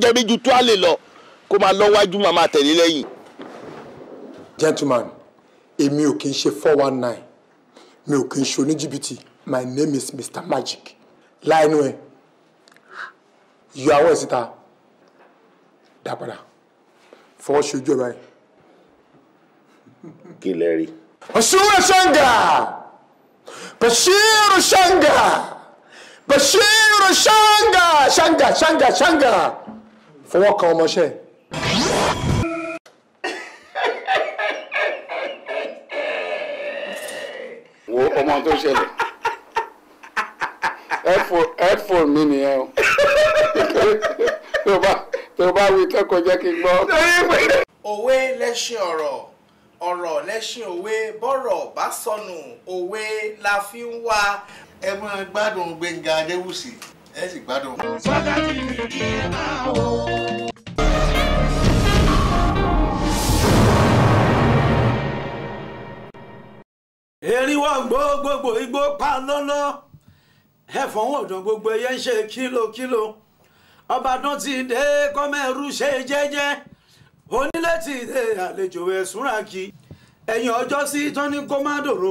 péjọ rí ju tó a lè lọ kó máa lọ wájú máa máa tẹ̀lé lẹ́yìn. gentleman èmi ò kì í ṣe four one nine mi ò kì í ṣe oníjìbìtì my name is mr magic láìnú ẹ yọ àwọn ẹ síta dá padà fọwọ́ ṣojú ẹ báyìí. kí lẹ rí. ọ̀ṣunwó ṣanga bashiru ṣanga bashiru ṣanga ṣanga ṣanga ṣanga fọwọ́ kan ọmọṣẹ́ wo ọmọ tó ṣẹlẹ̀ headphone mi nìyẹn o tó bá wí kẹ́kọ̀ọ́ jẹ́ kí n gbọ́. òwe lẹ́ṣin ọ̀rọ̀ ọ̀rọ̀ lẹ́ṣin òwe bọ́rọ̀ bá sọnù òwe la fi ń wá. ẹ máa gbádùn Gbẹ́ngà Adéwùsì ẹ sì gbádùn. sọ́dá ti rí kí ẹ máa wò. erinwó gbogbogbò igbó pa lọ́nà ẹ̀fọ́n ọ̀dàn gbogbo ẹyẹ ń ṣe kílòkílò ọbàdàn ti dé kọ́mẹ́rú ṣe jẹ́jẹ́ onílé ti dé àlejò ẹ̀sùnra kí ẹ̀yìn ọjọ́ sí tọ́ni kó má dòrò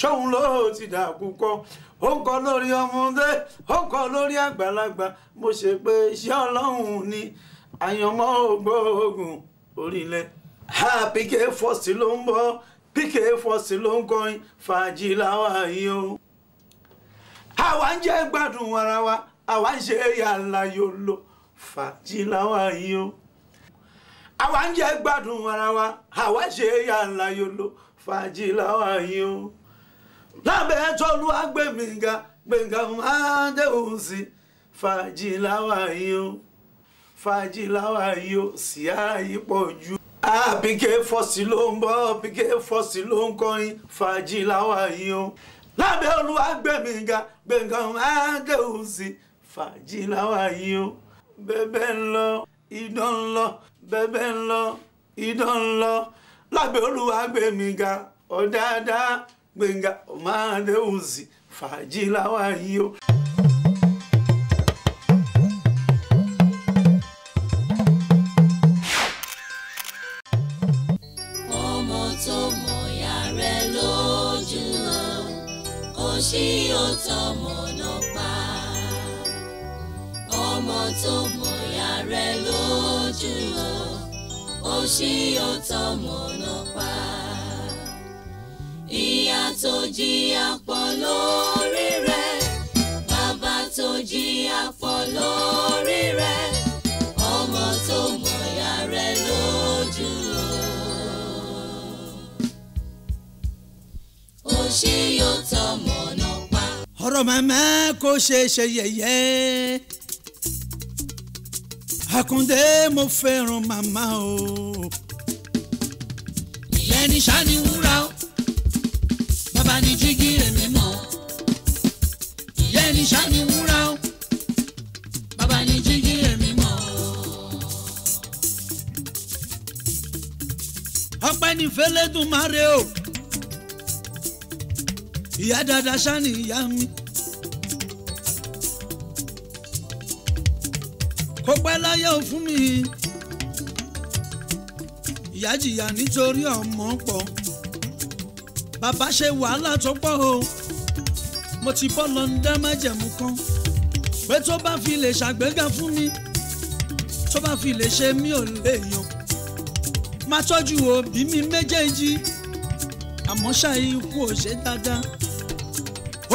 ṣọ́hun ló ti dà púpọ̀ ó ń kọ lórí ọmọdé ó ń kọ lórí àgbàlagbà mo ṣe pé iṣẹ́ ọlọ́run ni àyànmọ́ ògbóògùn orílẹ̀ PK Force ló ń bọ̀ PK Force ló ń kọrin fàájì láwa yìí o àwa ń jẹ́ gbádùn ara wa àwa ń ṣe yàrá yòlò fàájì láwa yìí o àwa ń o. lábẹ́ tọ́lúwa gbẹ̀mìgà gbẹ̀ngà máa dẹ̀hùn sí fàjìláwà yìí ó fàjìláwà yìí ó sì ààyè pọ̀ jù. àbíkẹ́ fọ́sì ló ń bọ́ àbíkẹ́ fọ́sì ló ń kọrin fàjìláwà yìí ó lábẹ́ olúwa gbẹ̀mìgà gbẹ̀ngà máa dẹ̀hùn sí fàjìláwà yìí ó bẹ́bẹ́ ń lọ idán ń lọ bẹ́bẹ́ ń lọ idán ń lọ lábẹ́ olúwa gbẹ̀mìgà ọ̀dáadáa gbẹ̀ngà ọ̀mádẹ́wùzì fàájìláwá yìí o. ọmọ tó mọ ìyá rẹ̀ lójú náà kò sí òótọ́ mọ̀nà pa ọmọ tó mọ ìyá rẹ̀ lójú náà kò sí òótọ́ mọ̀nà pa ìyá tó jìyà pọ̀ lórí rẹ̀ bàbá tó jìyà pọ̀ lórí rẹ̀ ọmọ tó mọ̀yà rẹ̀ lójú o. ó ṣe yóò tọ́ mọ̀nà pa. ọ̀rọ̀ màmá kò ṣeé ṣe yẹ̀yẹ́. Àkàndé mo fẹ́ràn màmá o. ìyẹn ní sani wúrà o ta ni jígí èmi mọ̀ ìyá ẹni ṣá ni wúrà ó bàbá ni jígí èmi mọ̀. ọpẹ́ o ìyá dáadáa ṣá ni ìyá mi. kò pẹ́ láyé o fún mi ìyá jìyà nítorí ọmọ pọ̀ bàbá ṣe wàhálà tó pọ̀ o mo ti bọ́ London májẹ̀mú kan pé tó bá fi lè ṣàgbéga fún mi tó bá fi lè ṣe mí ò lè yàn má tọ́jú òbí mi méjèèjì àmọ́ ṣáà ikú ò ṣe dáadáa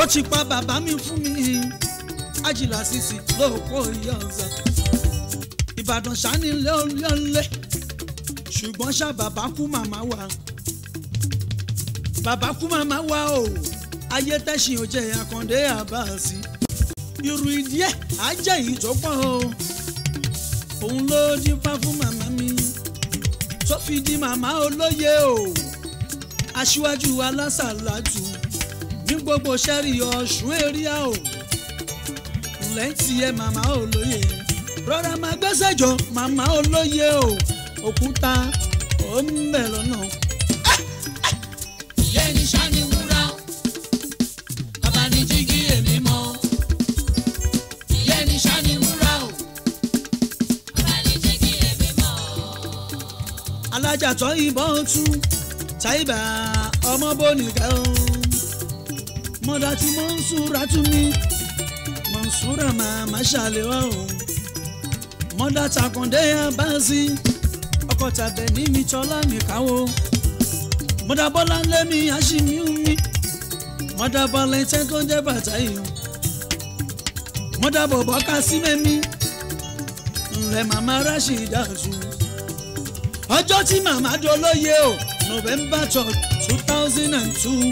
ó ti pa bàbá mi fún mi Àjìlá Sisi lóòkó ìyá ọ̀sà Ìbàdàn ṣáà nílé olóńlé ṣùgbọ́n ṣá bàbá kú màmá wa bàbá kú màmá wa o ayé tẹ̀sìn ò jẹ́ àkàndé àbáàsì irú ìdí ẹ̀ á jẹ́ èyí tó pọ̀ o òun ló dífá fún màmá mi tó fi di màmá olóye o aṣíwájú alásàlátù ní gbogbo sẹ́rí ọ̀ṣun èrìà o lẹ́ǹtì ẹ̀ màmá olóye rọra máa gbẹ́sẹ̀ jọ màmá olóye o òkúta ó ń bẹ̀ lọ́nà. tajà tó ìbọn tú ṣàìbà ọmọ bónìkà o mọ̀dà tí mọ̀nsúra tún mi mọ̀nsúra màmá ṣàlẹ̀ wá o mọ̀dà takùndé abáǹsì ọkọ̀ tàbẹ̀ ní mi tọ́lá nìkan o mọ̀dà bọ́lá ńlẹ́ mi àṣìmíú mi mọ̀dà bọ́lá ẹ̀tẹ́ tó ń jẹ́ bàtà yìí o mọ̀dà bọ̀bọ̀ ká sí mẹ́mí ńlẹ̀ màmá ráṣì dáhùn ọjọ́ tí màmá dolóye o november twelve two thousand and two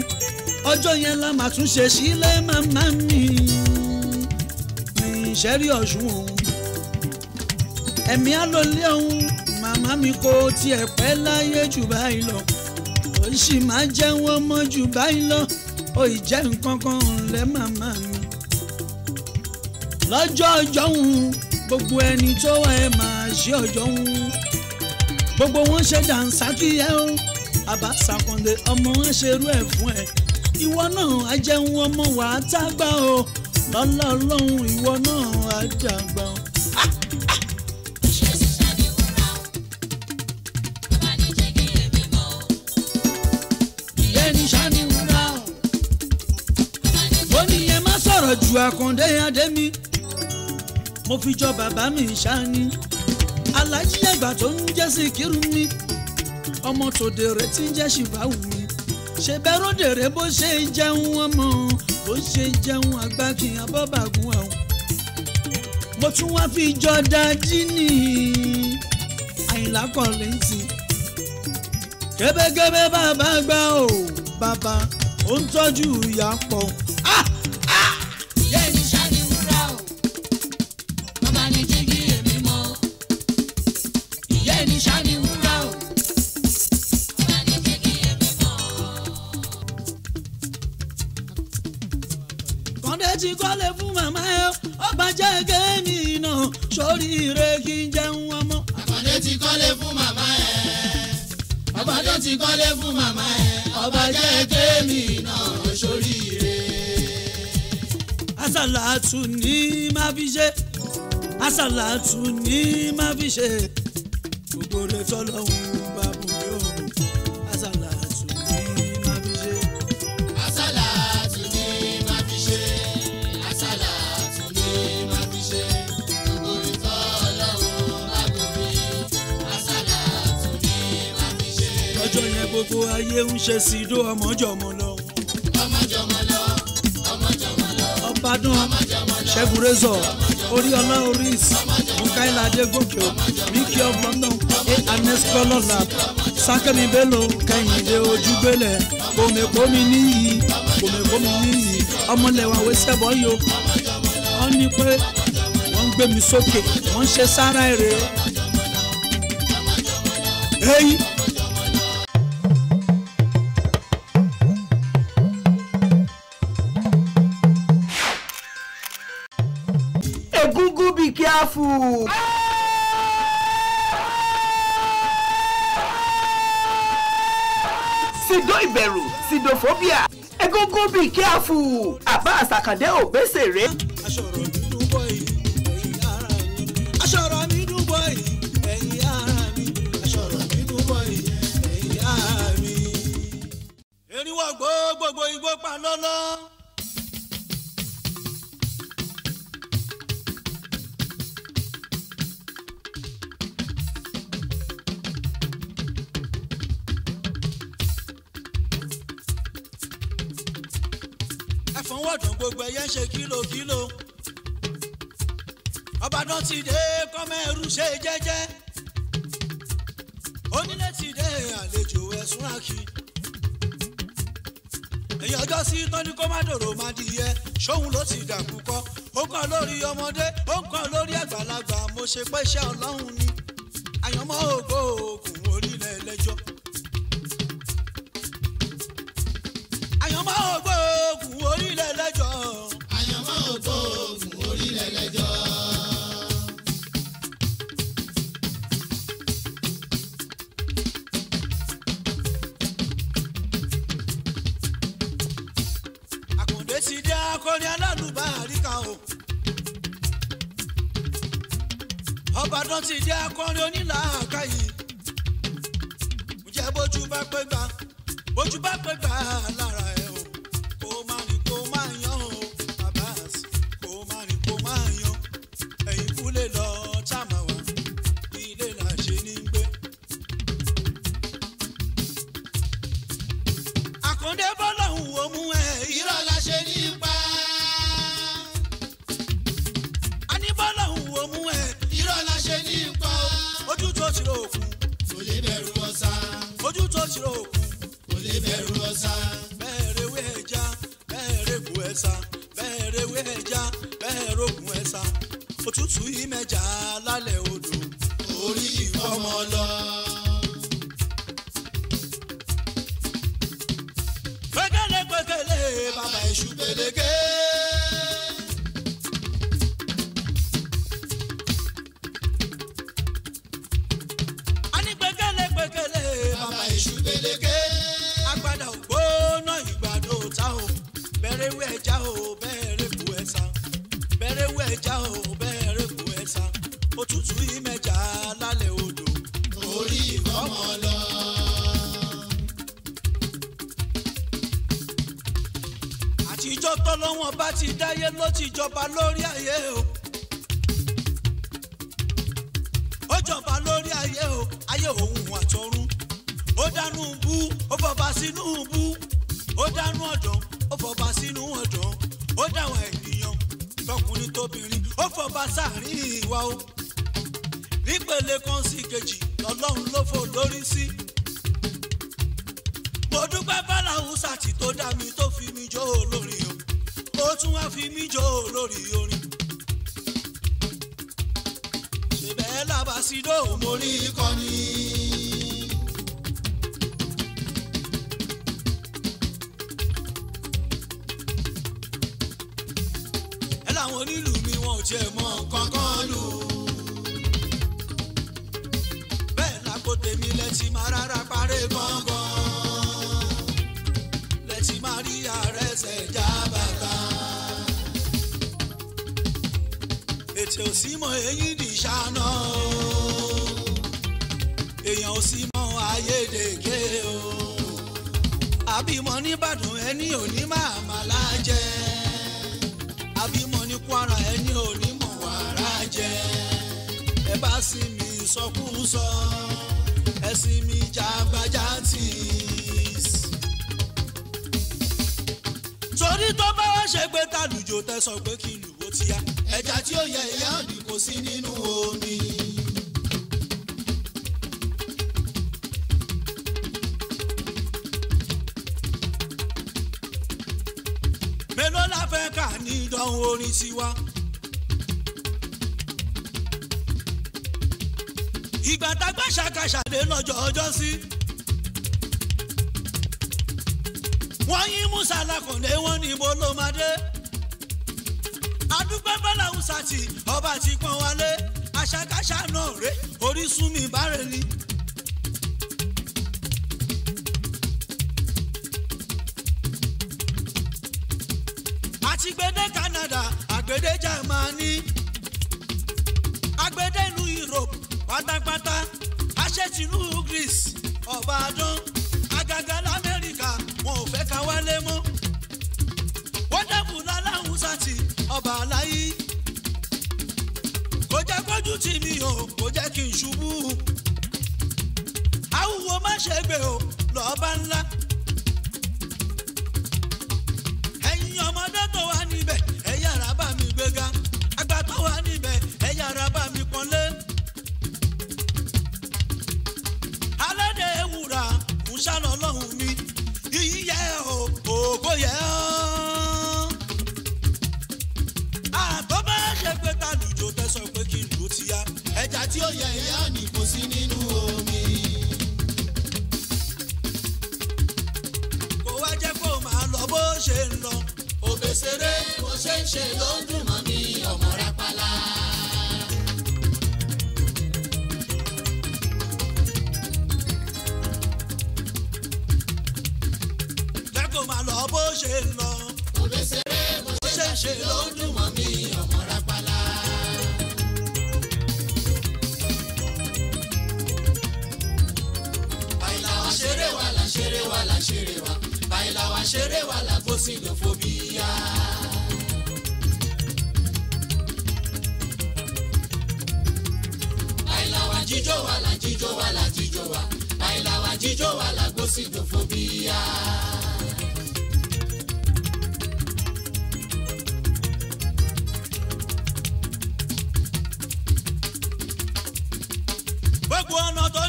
ọjọ́ yẹn la máa tún ṣe sílẹ̀ màmá mi ní ìṣẹ́rí ọ̀ṣun òun ẹ̀mí àlọ́lé ọ̀hún màmá mi kò tiẹ̀ pẹ́ láyé jù báyìí lọ ó sì máa jẹ́ wọ́n mọ́ jù báyìí lọ ó ì jẹ́ nǹkan kan lẹ́ màmá mi lọ́jọ́ ọjọ́ òun gbogbo ẹni tó wà ẹ máa ṣe ọjọ́ òun gbogbo wọn ṣe dànsákì ẹ o àbá ṣàkàndé ọmọ wọn ṣerú ẹ fún ẹ ìwọ náà á jẹun ọmọ wà á tágbà o lọ́lá ọlọ́run ìwọ náà á dàgbà o. ju Akande Adémi mo fi jọ bàbá mi ṣáá alájí àgbà tó ń jẹ́ Síkírù mi ọmọ tòdèrè tí ń jẹ́ Ṣìbáwù mi ṣe bẹ́rù dèrè bó ṣe jẹun ọmọ bó ṣe jẹun àgbà kì í abọ́bàgùn ẹ̀hún mo tún wá fi jọ dájí ní Àyìnlá Kọ́lìntì kébékébé bàbá gbà ó bàbá ó ń tọ́jú ìyá pọ̀. Adéjì kọ́lé fún màmá ẹ̀ ó bàjẹ́ kéènì iná sóríire kí n jẹun ọmọ. Àkàndé ti kọ́lé fún màmá ẹ̀ Àkàndé ti kọ́lé fún màmá ẹ̀ ó bàjẹ́ kéènì iná sóríire. Àsàlátù ni màá fi ṣe àsàlátù ni màá fi ṣe gbogbo rẹ̀ tọ́lọ́hún. ayé ń ṣe sí ìdó ọmọjọmọ lọ. ọmọjọmọ lọ ọmọjọmọ lọ. ọbadún ṣẹ́gun rẹ́zọ̀ oríọlá oris mukaila adégòkè miki ọgbọ́nà e aneskọlọ́lá sákẹ́mi bello kẹ́hìndé ojúgbélẹ̀ kòmèkòmí níyì kòmèkòmí níyì ọmọlẹ́wà wẹ́sẹ̀bọ̀ yo wọ́n ní pé wọ́n ń gbé mi sókè wọ́n ń ṣe sára èrè. Hey! Botafogo! Sido ìbẹ̀rù, sidophobia, egungun bíi kíáfù, àbá àsàkàndé òbésèré. bọ̀dàn gbogbo ẹyẹ ń ṣe kílòkílò ọbàdàn ti dé kọ́mẹ́rù ṣe jẹ́jẹ́ onílé ti dé àlejò ẹ̀sùn àkì èyí ọjọ́ sí tọ́ni kó má dòrò má dìyẹ ṣóhun ló ti dàkú kọ́ ó kàn lórí ọmọdé ó kàn lórí àgbàlagbà mo ṣe pé ọlọ́run ni. ṣòro òkú. kò lè bẹ̀rù ọ̀sà. ojú tó ṣòro òkú. kò lè bẹ̀rù ọ̀sà. bẹ́ẹ̀ rewé ẹja bẹ́ẹ̀ regu ẹ̀sà bẹ́ẹ̀ rewé ẹja bẹ́ẹ̀ rogun ẹ̀sà òtútù ìmẹ̀jà lálẹ́ odò. orí ìfọmọ lọ. gbẹgẹlẹ gbẹgẹlẹ bàbá èṣù gbẹlẹgẹ. ọba lórí. làwọn onílù mi wọn ò jẹ́ mọ́ kankan lù. bẹ́ẹ̀ lágbo tèmi lẹ ti máa rárá parí gángan lẹ ti máa rí ààrẹ ṣẹ̀dá bàtà. ètè ò eyín dìṣà náà o èèyàn ò sí mọ ayédèké o àbímọ nìbàdàn ẹni ò ní máa máa lájẹ. Kwara ẹni òní mọ̀ wàrà jẹ ẹ bá sì mí sọkúsọ ẹ sì mí jàgbájàtì. torí tó bá wá ṣe pé tàlùjọ tẹ sọ pé kí lùwọ́ ti ẹja tí ó yẹ ìyá òní kò sí nínú omi. orin tiwa. ìgbà tágbà ṣàkàṣàdé lọ́jọ́ ọjọ́ sí. wọ́n yí musa lakọ̀dé wọ́n ní ibo ló máa dé. adúpẹ́ bọ́lá húsàtì ọba ti pọ́n wálé àṣàkáṣà náà ré orísun mi bá rẹ̀ ni. ìbàdàn àgàgà lamẹ́ríkà wọn ò fẹ́ ká wálé mọ́ wọ́n dẹ́kun láláhùn sátì ọba aláyí kò jẹ́ kójú tì mí o kò jẹ́ kí n ṣubú àwùwọ má ṣe gbé o lọ́ọ́ bá ńlá. tí ó yẹ ìyá ni kò sí nínú omi. kò wá jẹ́ kó máa lọ bó ṣe ń lọ. òbèsèré kò ṣe ń ṣe ló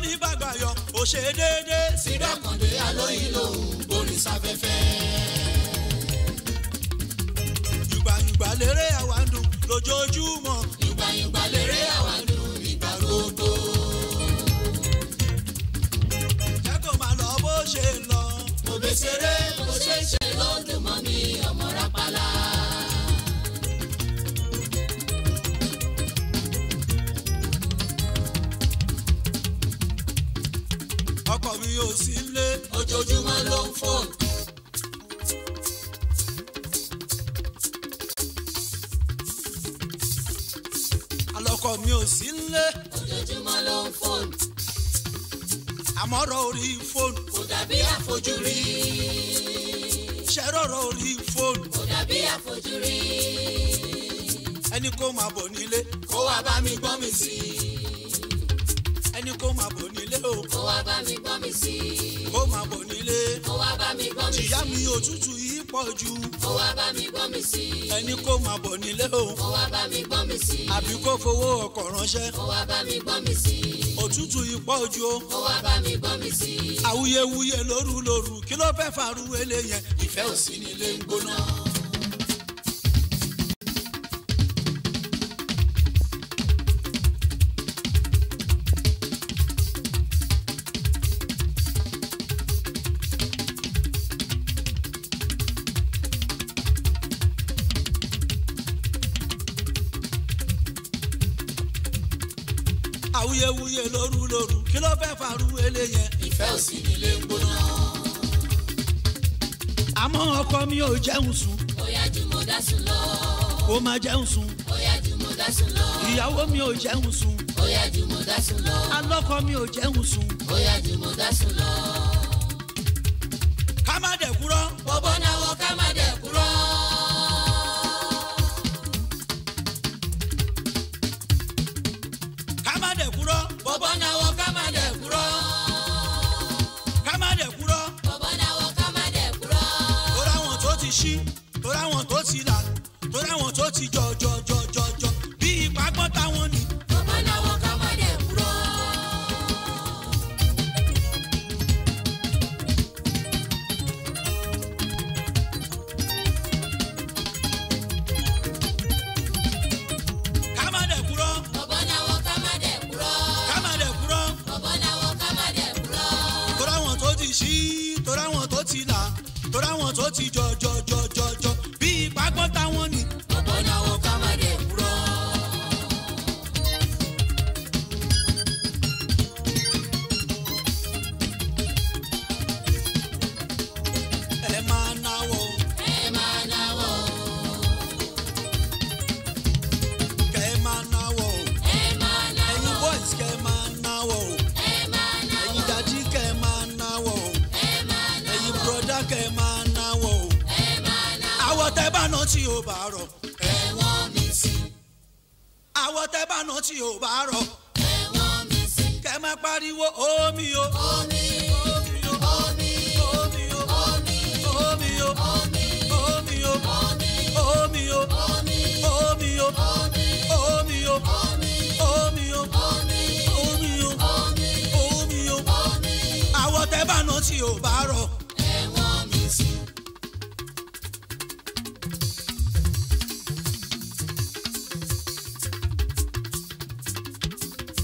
mi bàgbà yọ ò ṣe déédé. sídà kàndé alóyin ló ń borin sáfẹ́fẹ́. yùgbàyùgbà lérè àwa ń dùn lójoojúmọ́. lérè àwa ojoojúmọ́ ló ń fò. alọ́kọ mi ò sí nílé. ojoojúmọ́ ló ń fò. àmọ́rọ̀ orí fóònù. kò dàbí àfojúrí. ṣẹ́rọ̀rọ̀ orí fóònù. kò dàbí àfojúrí. ẹni kó máa bọ̀ nílé. kó wá bá mi gbọ́ mi sí i. wá bá mi gbọ́n mi sí i. ó máa bọ̀ nílé. ó wá bá mi gbọ́n mi sí i. ìyá mi òtútù yìí pọ̀ jù. ó wá bá mi gbọ́n mi sí i. ẹni kó máa bọ̀ nílé o. ó wá bá mi gbọ́n mi sí i. àbí kó fowó ọkọ̀ ránṣẹ́. ó wá bá mi gbọ́n mi sí i. òtútù yìí pọ̀ jù o. ó wá bá mi gbọ́n mi sí i. àwuyewuye lóru lóru kí ló fẹ́ faru eléyẹn ìfẹ́ òsì nílé ń gbóná. awuyewuye lóru lóru kí ló fẹ́ faru eléyẹn. ìfẹ́ òsì nílé ń gbóná. àmọ́ ọkọ mi ò jẹun sùn. ó yá jù mo dá sùn lọ. ó máa jẹun sùn. ó jù mo dá sùn lọ. ìyàwó mi ò jẹun sùn. ó jù mo dá sùn lọ. alọ́kọ mi ò jẹun sùn. ó jù mo dá sùn lọ. ò bá rọ̀. ẹ̀wọ̀n mi sí. àwọ̀ tẹ́ bá náà tí ò bá ẹ̀wọ̀n mi sí. kẹ́ máa pariwo omi o. omi o. omi o. omi o. omi o. bá rọ̀.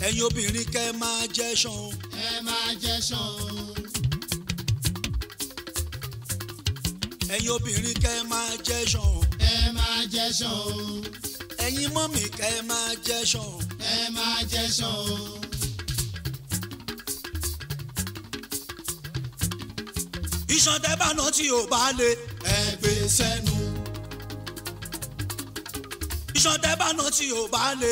ẹ̀yin obìnrin kẹ́ ẹ máa jẹ́ ṣan o. ẹ máa jẹ́ ṣan o. ẹ̀yin obìnrin kẹ́ ẹ máa jẹ́ ṣan o. ẹ máa jẹ́ ṣan o. ẹ̀yin mọ́mì kẹ́ ẹ máa jẹ́ ṣan o. ẹ máa jẹ́ ṣan o. iṣan tẹ́ bá náà tí ò bá le. ẹ gbé sẹ́nu. iṣan tẹ́ bá náà tí ò bá le.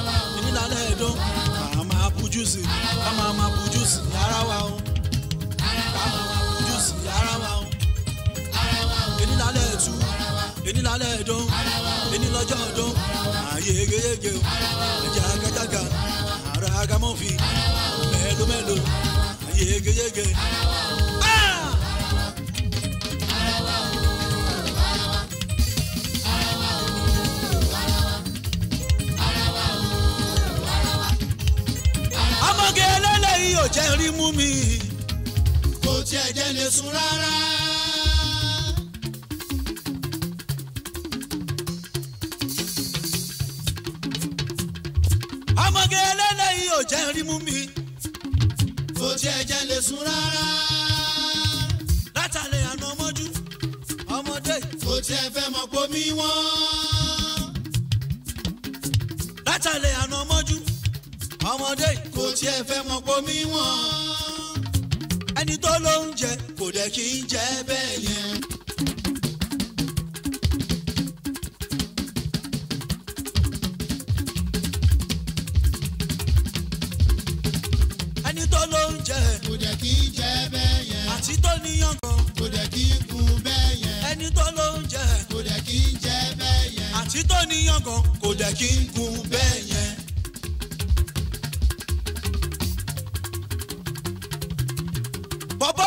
lálẹ́ ẹ̀dán ká máa bujú sí ká máa máa bujú sí ara wa o ká máa máa bujú sí ara wa o èní lálẹ́ ẹ̀tú èní lálẹ́ ẹ̀dán èní lọ́jọ́ ọ̀dán ààyè yegeyege o ẹ̀jẹ̀ agájága ara agamọ́fì mẹ́lòmẹ́lò ààyè yegeyege. ò jẹ́ rí mú mi. kò tiẹ̀ jẹ́ lè sùn rárá. ọmọge eléyìí ò jẹ́ rí mú mi. kò tiẹ̀ jẹ́ lè sùn rárá. látàlẹ́ àná mọ́jú ọmọdé. kò tiẹ̀ fẹ́ mọ̀ pé mi wọ́n. látàlẹ́ àná mọ́jú ọmọdé kò tiẹ̀ fẹ́ mọ pọ̀ mí wọ́n ẹni tó lóúnjẹ kò dẹ̀ kí ń jẹ bẹ́ẹ̀ yẹn. ẹni tó lóúnjẹ kò dẹ̀ kí ń jẹ bẹ́ẹ̀ yẹn. àti tó níyàn kan kò dẹ̀ kí ń kun bẹ́ẹ̀ yẹn. ẹni tó lóúnjẹ kò dẹ̀ kí ń jẹ bẹ́ẹ̀ yẹn. àti tó níyàn kan kò dẹ̀ kí ń kun bẹ́ẹ̀ yẹn.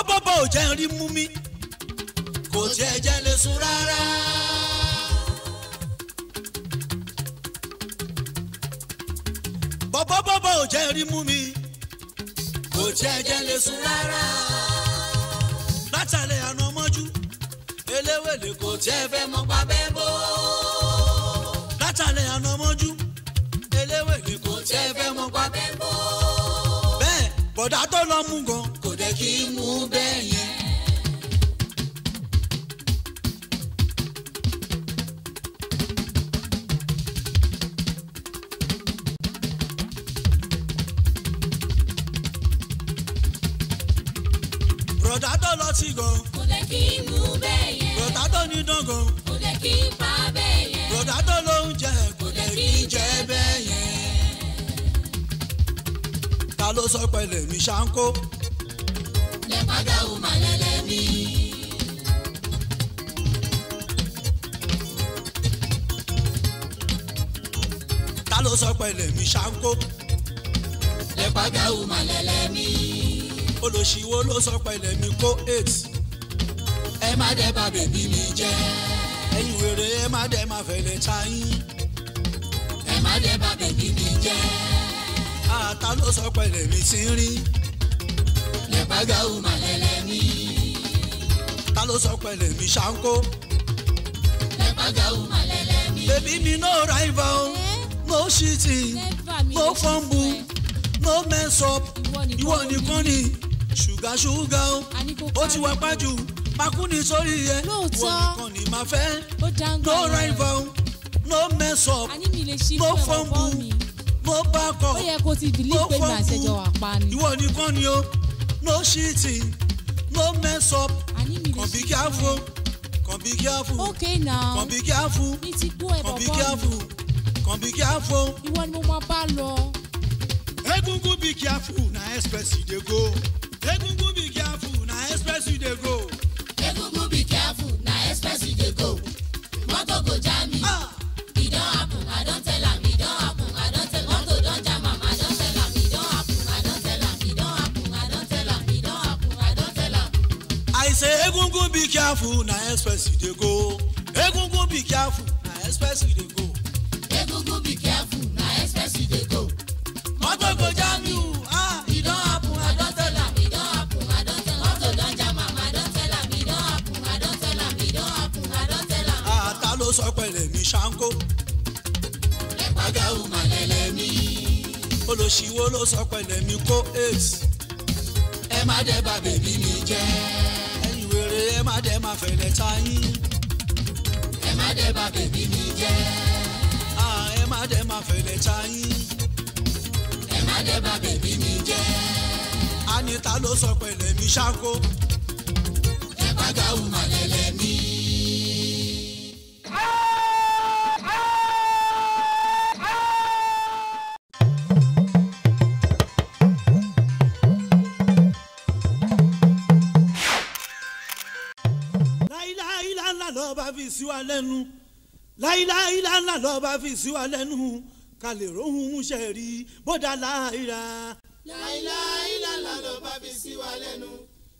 bọ́bọ̀ ò jẹ́ rí mú mi kò tiẹ̀ jẹ́ lè sùn rárá. bọ́bọ́ bọ́bọ́ ò jẹ́ rí mú mi kò tiẹ̀ jẹ́ lè sùn rárá. látàlẹ́ àná mọ́jú eléwèlé kò tiẹ̀ fẹ́ mọ́ pa bẹ́ẹ̀ bó. látàlẹ́ àná mọ́jú eléwèlé kò tiẹ̀ fẹ́ mọ́ pa bẹ́ẹ̀ bó. bẹ́ẹ̀ bọ̀dá tó lọ mú gan kí n mú bẹ́ẹ̀ yẹn. bọ̀dá tó lọ sí gan. kò lè kí n mú bẹ́ẹ̀ yẹn. bọ̀dá tó ní dángan. kò lè kí n pa bẹ́ẹ̀ yẹn. bọ̀dá tó ló kò lè kí jẹ bẹ́ẹ̀ yẹn. ta ló sọ pé lèmi ṣáńkó adáhùn màlẹ́lẹ́ mi. ta ló sọ pé lèmi ṣáńkó. lẹ́pà adáhùn màlẹ́lẹ́ mi. olùṣíwó ló sọ pé lèmi kó eight. ẹ má dẹ́ bà bèbí mi jẹ́. ẹ̀yin wèrè ẹ má dẹ́ má fẹ̀lẹ̀ ta yín. ẹ má dẹ́ bà bèbí mi jẹ́. ata ah, ló sọ pé lèmi ti rí lẹ́bàgàwù mà lẹ́lẹ́mí. ta ló sọ pẹ̀lẹ́ mi ṣáńkó. lẹ́bàgàwù mà lẹ́lẹ́mí. bèbí mi no rival no cheating no fumble no mess up ìwọ nìkan ni ṣùgà ṣùgà ó ti wá pájú makuni sórí yẹ ìwọ nìkan ni màá fẹ́ no rival no mess up no fumble mo bá kọ mo fọ́ mu ìwọ nìkan ni o no cheating, no mess up. Come be careful. Come be careful. Okay now. Come be careful. Mi Come be careful. Come be careful. You want mo máa bá lọ. Egungun be careful na express you dey go. Egungun be careful na express you dey go. Egungun be careful na express you dey go. Mọ́tò kò já be careful na express you dey go egungun be careful na express you dey go. egungun be careful na express you dey go. motor go jam you ah e don happen i don tell am e don happen i don tell am motor don jam am i don tell am e ò mà lẹ́lẹ́ mi. olùsíwó ah, ló sọ pẹ̀lẹ́ mi kó ace. ẹ má dẹ́ bà bèbí mi jẹ́ ẹ má dẹ̀ má fẹ̀lẹ̀ ta yín. ẹ má dẹ̀ bà bèbí mi jẹ́. ẹ má dẹ̀ má fẹ̀lẹ̀ ta yín. ẹ má dẹ̀ bà bèbí mi jẹ́. anita ló sọ pẹ̀lẹ́ mi ṣáko. ẹ bá gáwù màlẹ́lẹ́ mi. sí wa lẹ́nu láíláí lánàá lọ́ba fi sí wa lẹ́nu ká lè róhun múṣẹ rí bódà láìra. láíláí lánàá lọ́ba fi sí wa lẹ́nu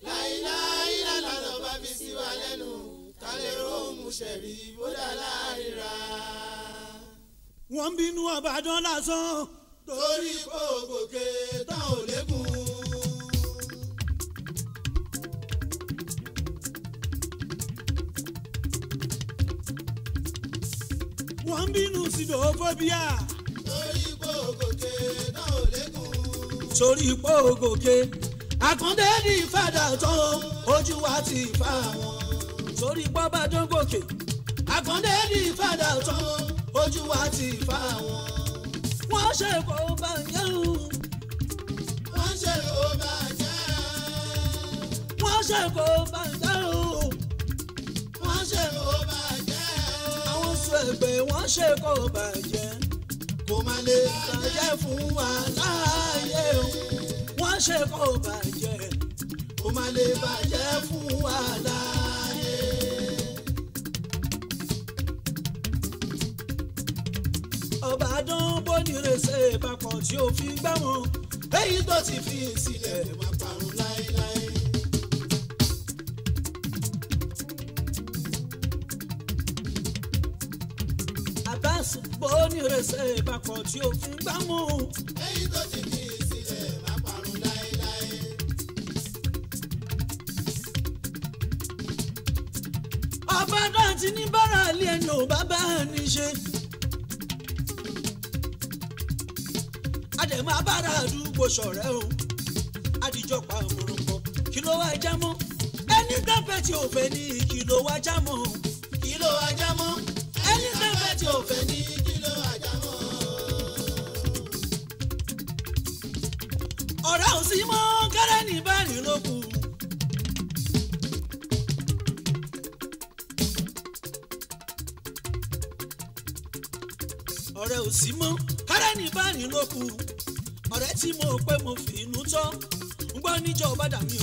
láíláí lánàá lọ́ba fi sí wa lẹ́nu ká lè róhun múṣẹ rí bódà láìra. wọ́n bínú ọbàdàn lásán. torí kò gòkè tán ò lékún. wọ́n ń bínú sidophobia. torí ipò ògòkè náà ò lékun. torí ipò ògòkè. àkàndé ní ìfàdà tó ojú wa ti fà wọ́n. torí pọ́bà tó gòkè. àkàndé ní ìfàdà tó ojú wa ti fà wọ́n. wọ́n ṣe kó bá yẹn wọ́n ṣe kó bá yẹn. wọ́n ṣe kó bá yẹn wọ́n ṣe kó bá yẹn oṣù ẹgbẹ́ wọ́n ṣe kó bàjẹ́ kó má lè bàjẹ́ fún wa láàyè wọ́n ṣe kó bàjẹ́ kó má lè bàjẹ́ fún wa láàyè. ọba dán bónírèsè papọ̀ tí ó fi gbá wọn èyí tó ti fi sílẹ̀ máa parun láéláé. sùn bó ní rèsè ìbákọ̀ tí o fi gbá mú. èyí tó ti ní ìsílẹ̀ má parun láéláé. ọba náà ti ní bára ilé ẹni ò bá ṣe. àdèmọ abára àdúgbò ṣọ̀rẹ́ o àdìjọ pa àmọ̀ràn kan kí ló wá já mọ́ ẹni gbàgbé tí ò fẹ́ ní kí ló wá já abẹ́rẹ́ ní báyìí ló kù. ọ̀rẹ́ ò sí mọ́ kárẹ́ ní báyìí ló kù ọ̀rẹ́ tí mo pé mo fi inú tọ́ ń gbọ́ níjọ́ bàdà mi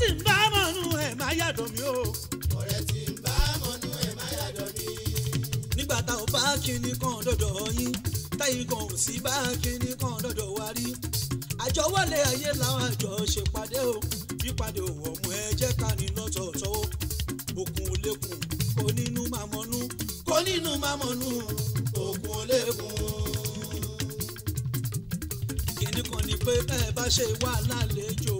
tí ń bá mọ̀nú ẹ̀ má yàdọ̀ mi o. ọ̀rẹ́ tí ń bá mọ̀nú ẹ̀ má yàdọ̀ mi. nígbà tá ò bá kinní kan dọ̀dọ̀ yín táyì kan ò sí bá kinní kan dọ̀dọ̀ wa rí. àjọ wọlé ayé làwọn àjọ ṣèpàdé o ìpàdé òwò ọmọ ẹ jẹ́ ká ní lọ́tọ̀ọ̀tọ̀ o. òkun olékun kò nínú máa mọ̀nú kò nínú máa mọ̀nú òkun olékun pé bẹ́ẹ̀ bá ṣe wà lálejò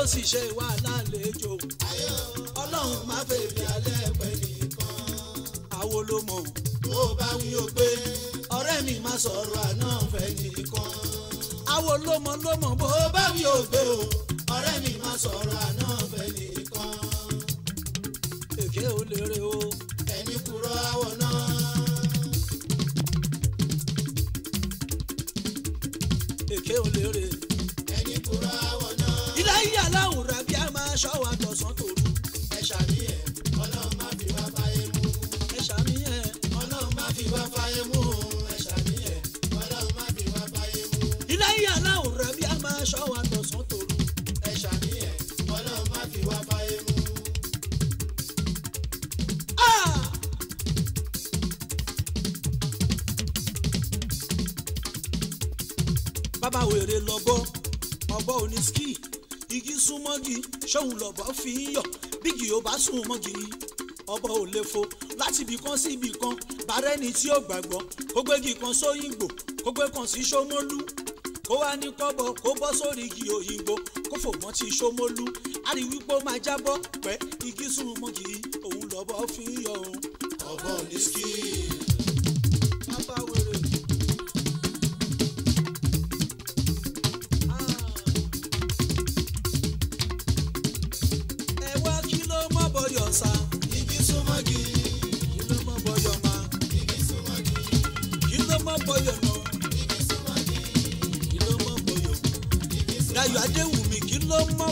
ó sì ṣe wá lálejò ọlọ́run má fèmí alẹ́ pẹ́ nìkan. àwo ló mọ̀ ó bá wí ó pé ọ̀rẹ́ mi má sọ̀rọ̀ àná fẹ́ nìkan. àwo ló mọ̀ ló mọ̀ bó bá wí ó gbé ọ̀rẹ́ mi má sọ̀rọ̀ àná fẹ́ nìkan. èké ò lè o. ẹni kúrò àwọn náà. èké ò lè re. ṣọ́ wa tọ̀sán tòru. ẹ ṣàmì ẹ ọlọ́run má fi wá fáyé mú. ẹ ṣàmì ẹ ọlọ́run má fi wá fáyé mú. ẹ ṣàmì ẹ ọlọ́run má fi wá fáyé mú. ilé ayé aláwòrán bí a máa ṣọ́ wa tọ̀sán tòru. ẹ ṣàmì ẹ ọlọ́run má fi wá fáyé mú. Ah! bàbá wèrè lọ́bọ̀ ọ̀bọ̀ oníṣ mọ́gi ṣóun lọ́bọ fi ń yọ̀ bíjì ó bá sùn mọ́gi ọbọ̀ ò lè fo láti ibì kan sí ibì kan bàárẹ̀ ni tí ó gbàgbọ́ kó gbégi kan sóyìnbó kó gbé kan sí Ṣómólú kó wá ní kọ́bọ̀ kó bọ́ sórí igi òyìnbó kó fògbọ́n ti Ṣómólú á máa jábọ́ pẹ́ igi sùn mọ́gi òun lọ́bọ fi ń yọ̀ ọbọ̀ ní skill.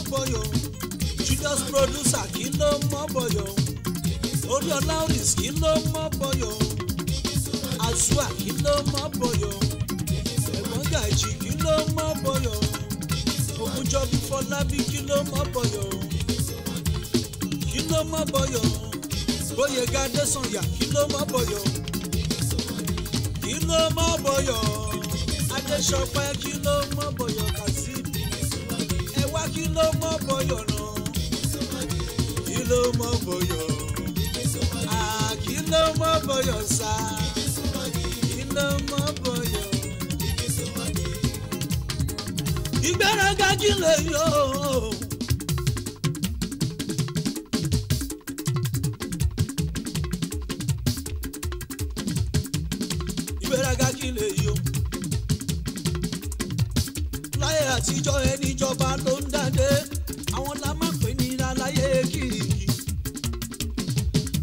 Boyo Jesus producer kí ló mọ̀ Boyo orí ọlá oris kí ló Boyo Azua kí ló mọ̀ Boyo ẹ̀gbọ́n gàjí kí ló mọ̀ Boyo Ògúnjọ́bí Fọlábí kí Kilo mọ̀ Boyo kí ló mọ̀ Boyo Gbóyèga Adésànyà kí ló mọ̀ Boyo kí ló mọ̀ Boyo Adéṣọpẹ́ kí ló mọ̀ Boyo ló mọ bọyọ náà kí ló mọ bọyọ kí ló mọ bọyọ sá kí ló mọ bọyọ.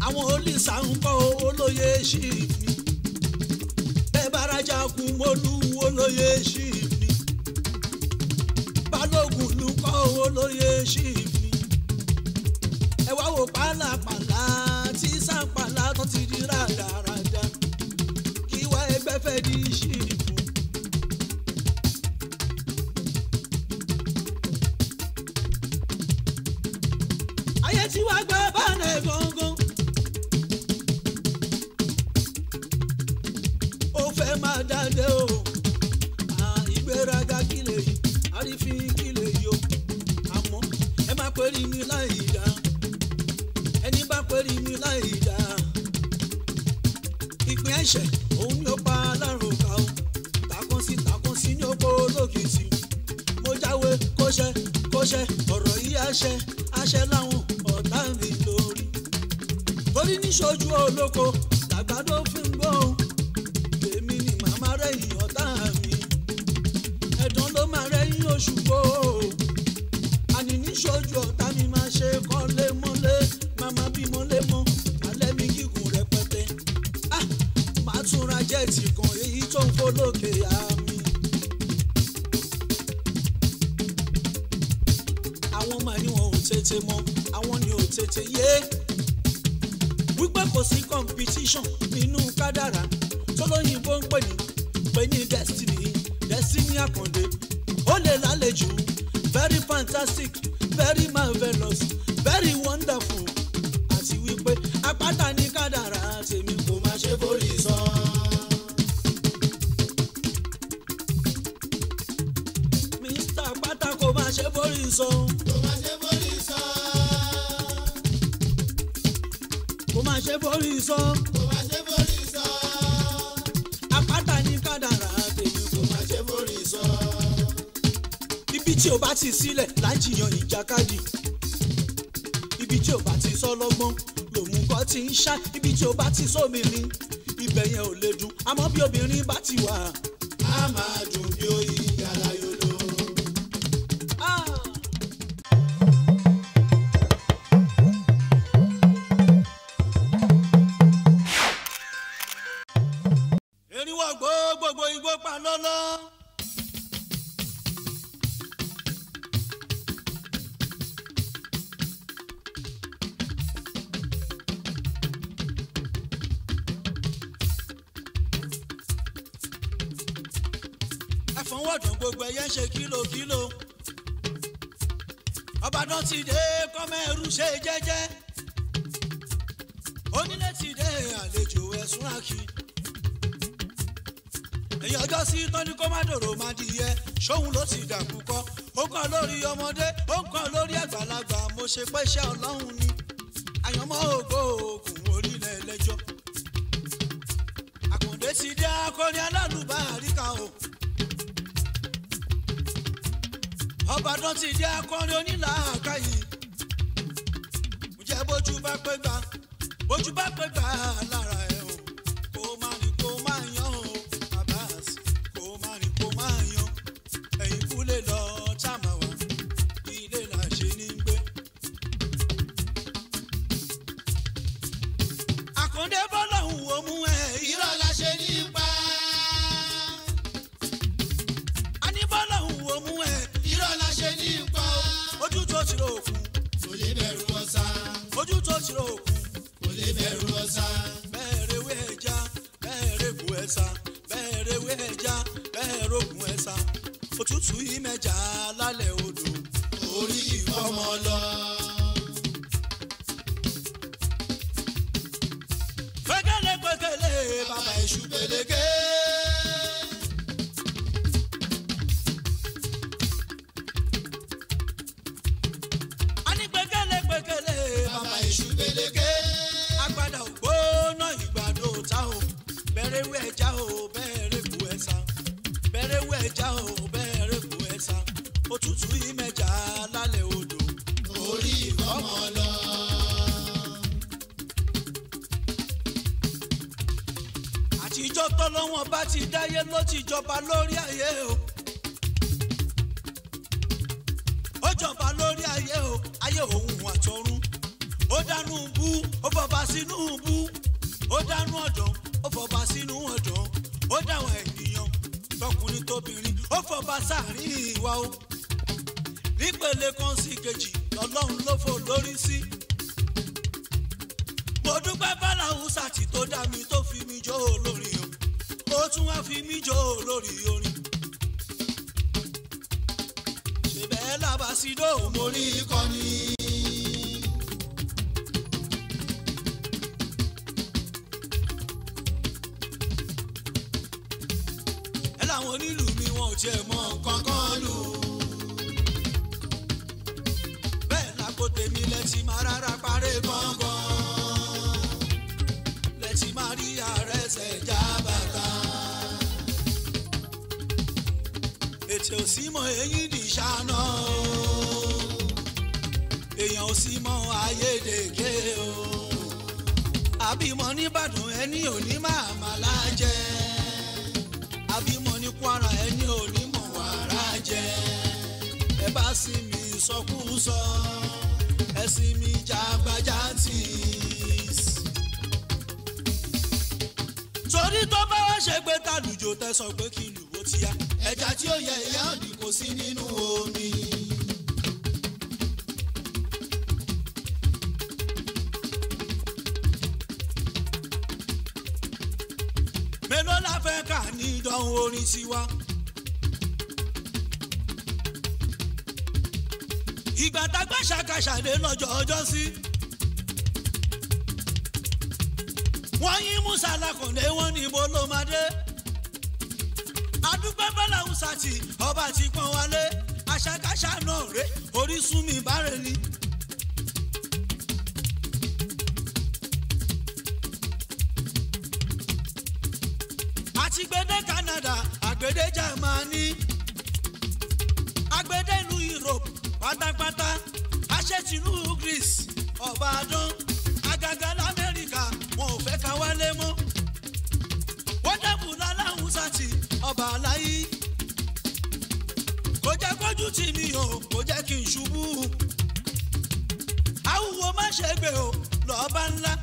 àwọn olùsà ń kọ́ olóye ṣì mí bẹ́ẹ̀ bárajà kún mọ́lú olóye ṣì mí balógun ló kọ́ olóye ṣì mí ẹ wá wò pálapàla tí sàǹpàlà tó ti di rádaràda kí wá ẹgbẹ́ fẹ́ di ṣì mí. fantastic very marvelous very wonderful àti wípé apáta ní kádàrá tèmi kò má ṣe forí sàn. Mr. Apáta kò má ṣe forí sàn. kò má ṣe forí sàn. kò má ṣe forí sàn. ti sílẹ̀ lájìyàn ìjàkadì ibi tí o bá ti sọ lọ́gbọ́n lòun kọ́ ti ń ṣá ibi tí o bá ti sọ mi ni ibẹ̀ yẹn ò lè dùn àmọ́ bí obìnrin bá ti wà á máa dùn. ṣe pé iṣẹ́ ọlọ́run ni àyànmọ́ ògbó òkun orílẹ̀ ẹlẹ́jọ́ àkàndé ti dé akọni alálùbá àríkà o ọbàdàn ti dé akọni onílà àkàyè ǹjẹ́ bójú bá pé gbà bójú bá pé gbà lára dánú bú ó fọba sínú bú ó dánú ọ̀dọ́ ó fọba sínú ọ̀dọ́ ó dáwọn ènìyàn tọkùnrin tóbìnrin ó fọba sáàrin ìwà o nípele kan sí kejì ọlọ́run ló fò lórí sí. mo dúpẹ́ bọ́lá húsà tí tó dá mi tó fi mi jó olórí o ó tún wá fi mi jó olórí orin. ṣèbẹ́ làbàṣídò mo rí i ni. eyín dìṣà náà èèyàn ò sì mọ ayédèké o àbímọ nìbàdàn ẹni ò ní máa má lájẹ àbímọ ní Kwara ẹni ò ní mọ wàrà jẹ ẹ bá sì mí sọkúsọ ẹ sì mí jàgbájántì. torí tó bá wá ṣe pé tàlùjò tẹ sọ pé kí lùwọ́ ti yá ẹja tí ó yẹ ìyá òdì kò sí nínú omi. mélòó la fẹ́ kà ní ìdánwò orin tiwa. ìgbà tá a gbà ṣàkàṣàdé lọ́jọ́ ọjọ́ sí. wọ́n yín musa lakọ̀dé wọ́n ní bolo adúpẹ́ bọ́lá ọ̀sàtì ọba ti pọ́n wálé àṣàkáṣà náà rè Orísun mi bára ni. àtìgbédé Canada àgbédé Germany àgbédé ìlú Europe pátápátá aṣètìlú Greece ọba adán àgàgà lamẹ́ríkà wọn ò fẹ́ ká wálé mọ́ wọ́n dẹ́kun lálẹ́ ọ̀sàtì ọba aláyí kò jẹ́ kójú tì mí o kò jẹ́ kí n ṣubú awúwo má ṣe gbé o lọ́ọ́ bá ńlá.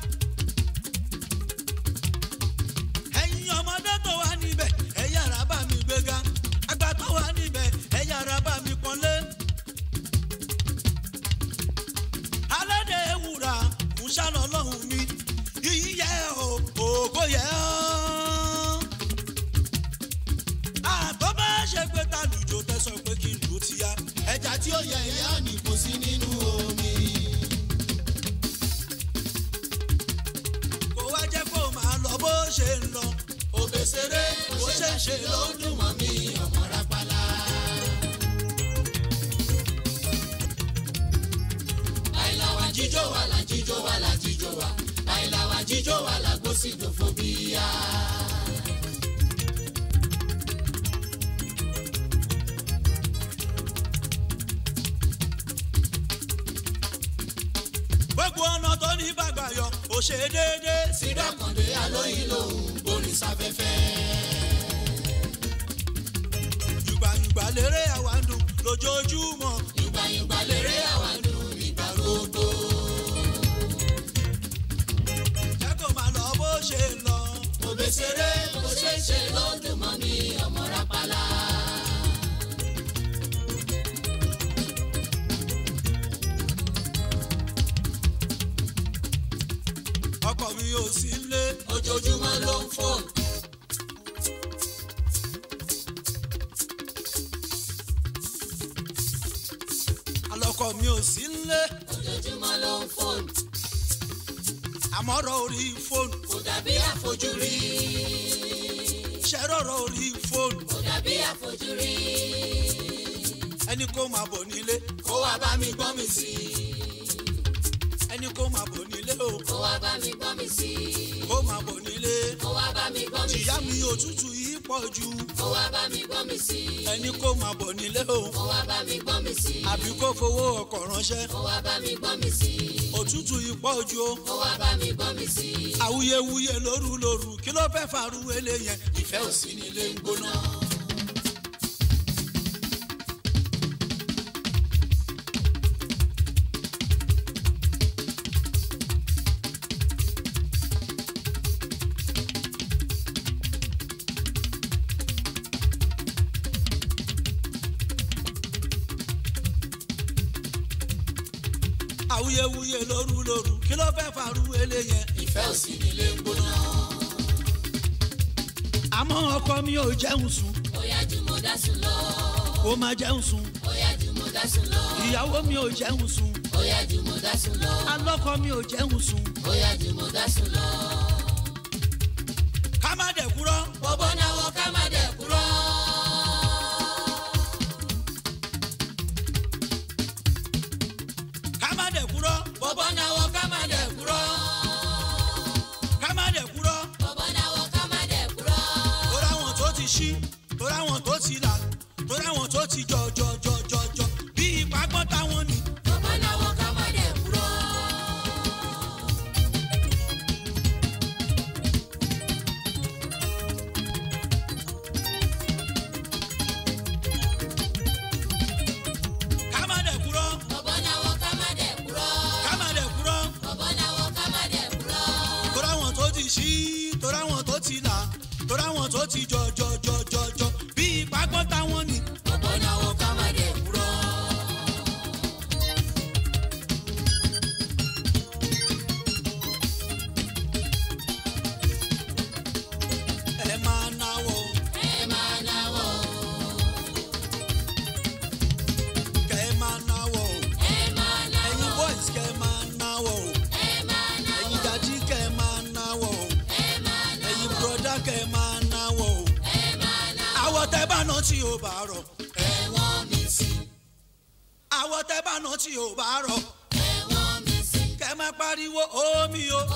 ṣe déédé. sídà kàndé alóyin lòun borí sáfẹ́fẹ́. ìgbà ìgbà lérè àwa ń dùn lójoojúmọ́. orí fóònù. kò dàbí àfojúrí. ṣẹ́rọ̀rọ̀ orí fóònù. kò dàbí àfojúrí. ẹni kó máa bọ̀ nílé. kó wá bá mi gbọ́ mi sí i. ẹni kó máa bọ̀ nílé o. kó wá bá mi gbọ́ mi sí i. kó máa bọ̀ nílé. kó wá bá mi gbọ́ mi sí i. ìyá mi òtútù yìí pọ̀ jù. kó wá bá mi gbọ́ mi sí i. ẹni kó máa bọ̀ nílé o. kó wá bá mi gbọ́ mi sí i. àbí kó fowó ọkọ̀ ránṣẹ́. kó wá bá mi gbọ́ mi sí i òtútù ìpọ̀ ojú o. ó wá bá mi bọ́ mi sí. àwuyewuye lóru lóru kí ló fẹ́ fàrú eléyẹn ìfẹ́ òsì ń gbóná. awuyewuye lóru lóru kí ló fẹ́ faru eléyẹn. ìfẹ́ òsì nílé ń gbóná. àmọ́ ọkọ mi ò jẹun sùn. bóyá jùmọ̀ dá sùn lọ. kó má jẹun sùn. bóyá jùmọ̀ dá sùn lọ. ìyàwó mi ò jẹun sùn. bóyá jùmọ̀ dá sùn lọ. alọ́kọ mi ò jẹun sùn. bóyá jùmọ̀ dá sùn lọ. ká má dẹ̀ bọ́bọ́n tí ò bá rọ̀. ẹ̀wọ̀n mi sí. àwọ̀ tẹ́ bá náà tí ò bá rọ̀. ẹ̀wọ̀n mi sí. kẹ́ má pariwo omi o.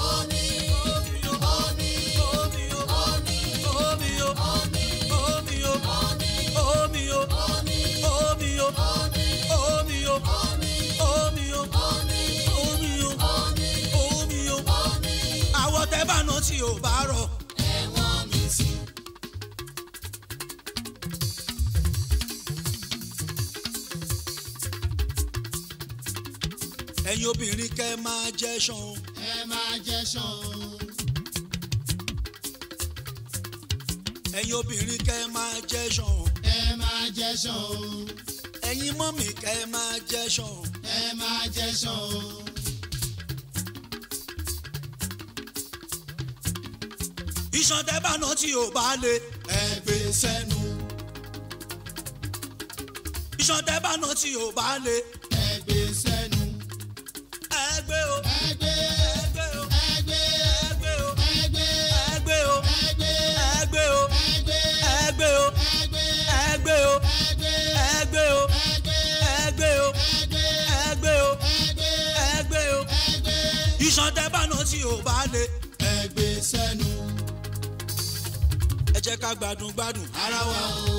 ẹ̀yin obìnrin kẹ́ máa jẹ́ ṣan. ẹ máa jẹ́ ṣan. ẹ̀yin obìnrin kẹ́ máa jẹ́ ṣan. ẹ máa jẹ́ ṣan. ẹ̀yin mọ́mì kẹ́ máa jẹ́ ṣan. ẹ máa jẹ́ ṣan. iṣan tẹ́ tí ò bá le. ẹ gbé sẹ́nu. iṣan tẹ́ bá náà tí ò bá le. ò bá lè. ẹgbẹ́ ẹ jẹ́ ká gbádùn gbádùn. ara wa o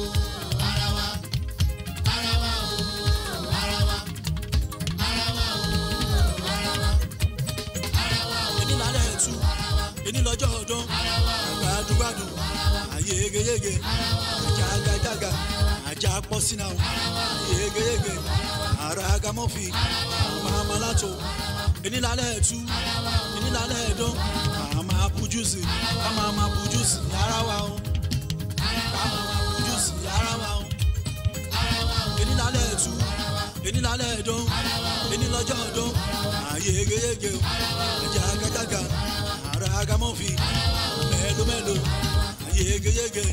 ara wa ara wa o ara wa ara wa o ara wa ara wa o. lálẹ́ ẹ̀dán ká máa bu júùsì ká máa máa bu júùsì ara wa o ká máa máa bu júùsì ara wa o èní lálẹ́ ẹ̀tú èní lálẹ́ ẹ̀dán èní lọ́jọ́ ọ̀dán ààyè yégeyége o ẹ̀jẹ̀ agágága ara agamọ́fì mẹ́lòmẹ́lò ààyè yégeyége.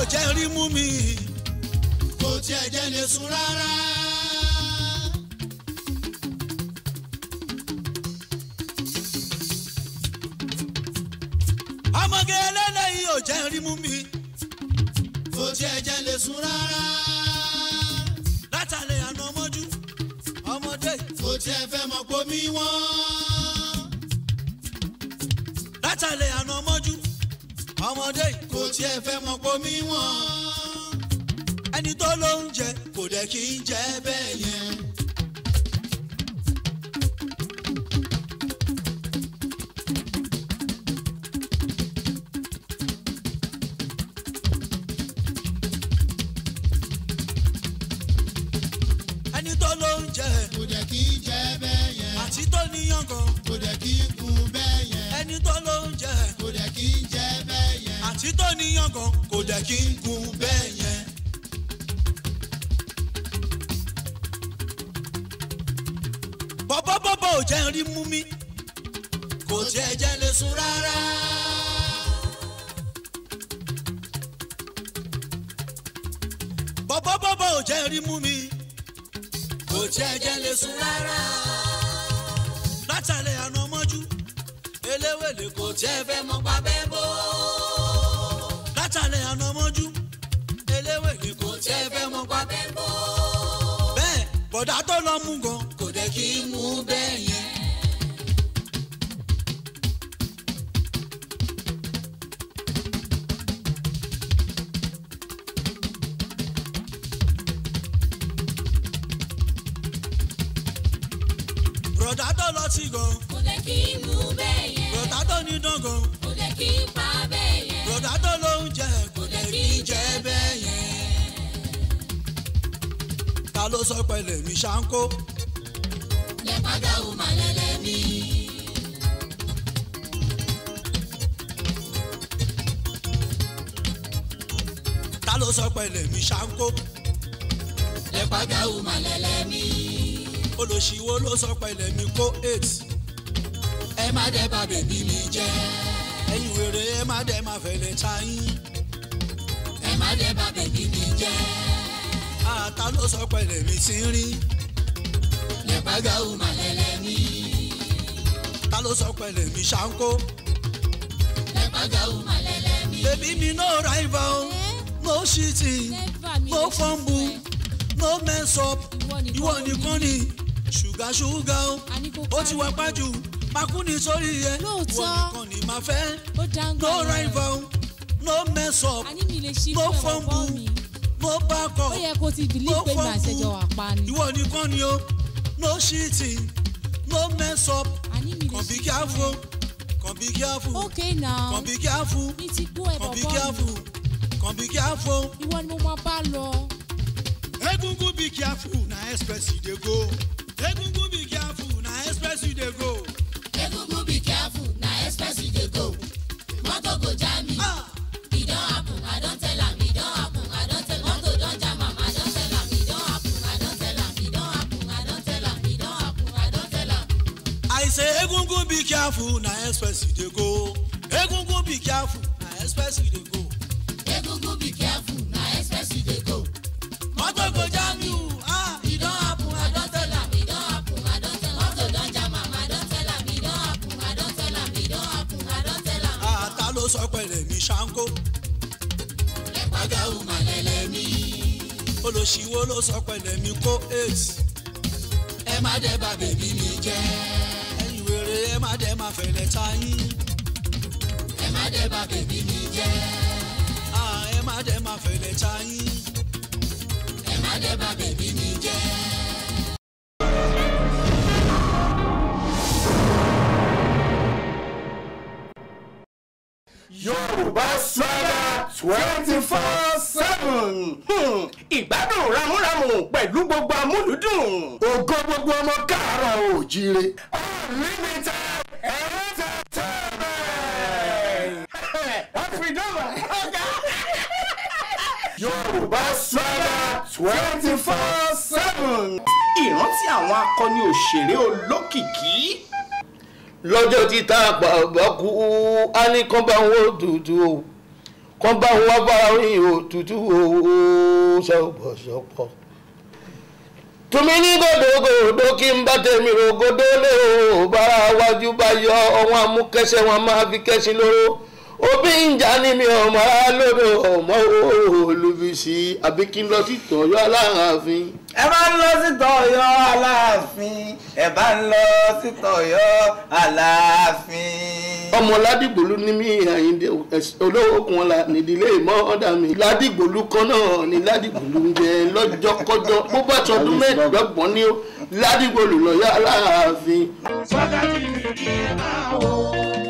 ò jẹ́ rí mú mi. kò tiẹ̀ jẹ́ lè sùn rárá. ọmọge eléyìí ò jẹ́ rí mú mi. kò tiẹ̀ jẹ́ lè sùn rárá. látàlẹ́ àná mọ́jú ọmọdé. kò tiẹ̀ fẹ́ mọ̀ pé wọ́n. látàlẹ́ àná mọ́jú ọmọdé kò tiẹ̀ fẹ́ mọ̀ pọ̀ mí wọ́n ẹni tó ló ń jẹ kò dẹ̀ kí ń jẹ bẹ́ẹ̀ yẹn. kò dẹ̀ kí ń kun bẹ́ẹ̀ yẹn. ẹni tó ló ń jẹ àṣì tó níyàn gan kò jẹ́ kí n kú bẹ́ẹ̀ yẹn. bọ́bọ́bọ́bọ́ ò jẹ́ rí mú mi kò tiẹ̀ jẹ́ lè sùn rárá. bọ́bọ́bọ́bọ́ ò jẹ́ rí mú mi kò tiẹ̀ jẹ́ lè sùn rárá. látàlẹ́ àná mọ́jú eléwèlé kò tiẹ̀ fẹ́ mọ́ pa bẹ́ẹ̀ bọ́. bọ̀dá tó lọ mú gan. kò dẹ̀ kí n mú bẹ́ẹ̀ yẹn. ṣàǹkó. lẹ́pàdà ò máa lẹ́lẹ́ mi. ta ló sọ pé lèmi ṣàǹkó. lẹ́pàdà ò máa lẹ́lẹ́ mi. olùṣíwó ló sọ pé lèmi kó eight. ẹ má dẹ́ bà bèbí mi jẹ́. ẹ̀yin wèrè ẹ má dẹ́ má fẹ̀lẹ̀ ta yín. ẹ má dẹ́ bà bèbí mi jẹ́. ata ah, ló sọ pé lèmi ti rí lè bá gàù lẹ́lẹ́ mi. ta ló sọ pẹ̀lẹ́ mi ṣáńkó. lè bá gàù lẹ́lẹ́ mi. bèbí mi no rival no cheating no fumble no mess up ìwọ nìkan ni ṣùgà ṣùgà ó ti wá pàjù makuni sórí yẹ ìwọ nìkan ni màá fẹ́ no rival no mess up no fumble mo bá kọ mo fọ́ mu ìwọ nìkan ni o no cheating, no mess up. Come be careful. Come be careful. Okay now. Come be careful. Come be careful. Come be careful. Ìwọ ni mo máa bá lọ. Egungun be careful na express you dey go. Egungun be careful na express you dey go. Egungun be careful na express you dey go. Mọ́tò kò já mi. Ah! be careful na express you dey go egungun be careful na express you dey go. egungun be careful na express you dey go. motor go jam you ah e don happen i don tell am don happen i don tell am don jam am don tell am don happen i don tell am don happen i don tell am. ata ah, ló sọ mi ṣáńkó. ẹ pàgẹ́ òmàlẹ́lẹ́ mi. olùsíwó ló sọ pẹ̀lẹ́ mi kó aids. ẹ má dẹ́ bà bèbí mi jẹ́ ẹ má dẹ̀ má fẹ̀lẹ̀ ta yín. ẹ má dẹ̀ bà bèbí mi jẹ́. ẹ má dẹ̀ má fẹ̀lẹ̀ ta yín. ẹ má dẹ̀ bà bèbí mi jẹ́. Yorùbá Sọ́dà twenty four seven hmm. ìgbádùn ramúramù pẹ̀lú gbogbo amúlùdùn. ògo gbogbo ọmọ káàárọ̀ oòjíire. unlimited entertainment. ọ̀fìdọ́mà ọ̀gá. yorùbá sọ́dà twenty four seven. ìrántí àwọn akọni òṣèré olókìkí lọ́jọ́ tí tá a gbàgbọ́ kú á ní kán bá wọn dúdú o. wọ́n bá wọn wọ́n bá o òtútù owó ṣọpọ̀ tùmí ní gòdògòdò kí n bá tèmi rògòdò lè o bára wájú bá yọ ọwọ́n amúkẹ́sẹ̀ wọn máa fi kẹ́sìn lóró. òbí ń jà ní mi ọmọ alódò ọmọ olùbísí àbí kí n lọ sí tọ̀yọ́ aláàfin. ẹ bá ń lọ sí tọ̀yọ́ aláàfin ẹ bá ń lọ sí tọ̀yọ́ aláàfin. ọmọ ládìgbòlú ní mí àyíndé olówó kun ọ̀la nídìílé mọ́ọ́dà mi ládìgbòlú kan náà ni ládìgbòlú ń jẹ lọ́jọ́kọ́jọ́ bó bá tọdún mẹ́ẹ̀ẹ́dọ́gbọ̀n ni ó ládìgbòlú lọ́yọ́ aláàfin. sọ́jà tí mi kì í máa wò ó.